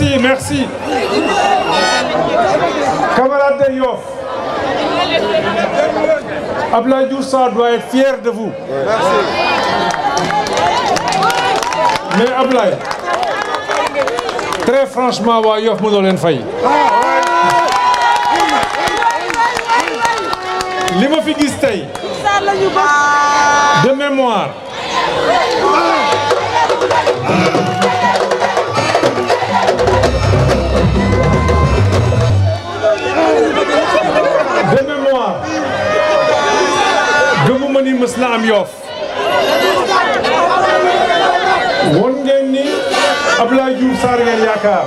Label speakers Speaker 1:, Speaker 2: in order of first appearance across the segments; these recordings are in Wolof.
Speaker 1: merci merci camarades de Yoff Abdoulaye Diouf Sarr doit être fier de vous merci mais Abdoulaye très franchement waa Yoff mënoo leen fay li ma fi gis tey de mémoire kanam yoof won ngeen ni Abdoulaye Diouf Sarr ngeen yaakaar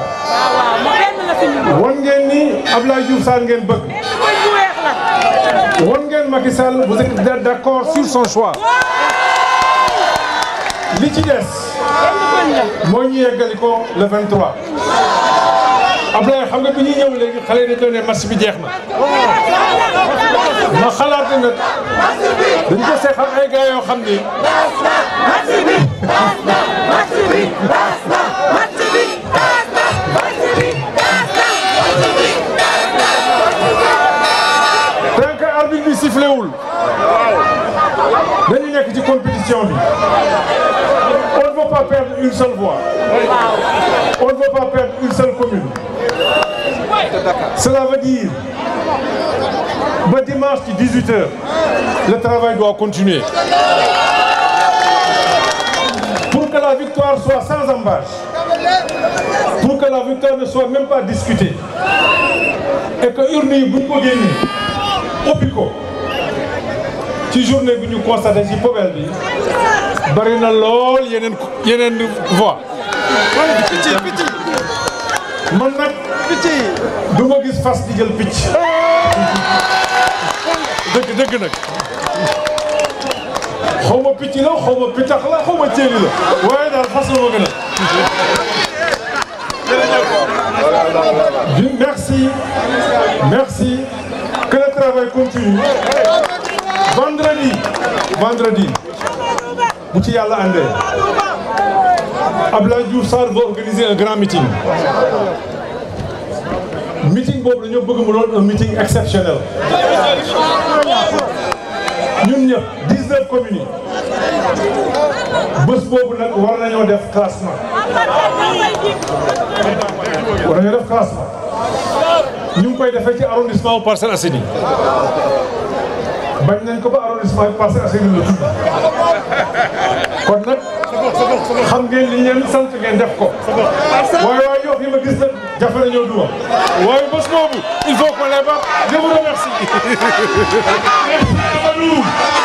Speaker 1: won ngeen ni Abdoulaye Diouf Sarr ngeen bëgg won ngeen Macky Sall vous êtes sur son choix li ci des moo ñu yeggali ko le 23 Abdoulaye xam nga bi ñuy ñëw léegi xale yi dañu ne match bi jeex na. ma xalaat nag dañu ko see xam ay gars yoo xam ni. tant que arbitre bi sifflé wul. dañu nekk ci compétition bi. on ne peut pas perdre une seule voix. Cela veut dire ba dimanche ci 18 heures le travail doit continuer. Pour que la victoire soit sans embâche, pour que la victoire ne soit même pas discutée et que urne yi buñ ko génnee ubbi ko ci journée bi ñu constaté ci poubelle bi bari na lool yeneen yeneen man nag picc yi du ma gis fas di jël picc dëgg dëgg nag xaw ma la xaw ma pitax la xaw ma ceeli la waaye daal fas la ma gën a merci merci que le travail continue vendredi vendredi bu ci yàlla Abdoulaye Diouf Sarr va organiser un grand meeting. meeting boobu dañoo bëgg mu doon un meeting exceptionnel. ñun ñëpp 19 communes yi bés boobu nag war nañoo def classement. war nañoo def classement. ñu ngi koy defee ci arrondissement bu Parcelles Assainies. bañ nañ ko ba arrondissement bu Parcelles Assainies la tudd kon nag. xam ngeen li ngeen sant ngeen def ko. waaye waaye yoo xam ma gis nag jafe na ñoo duma. waaye bés boobu il faut que les ba je vous remercie.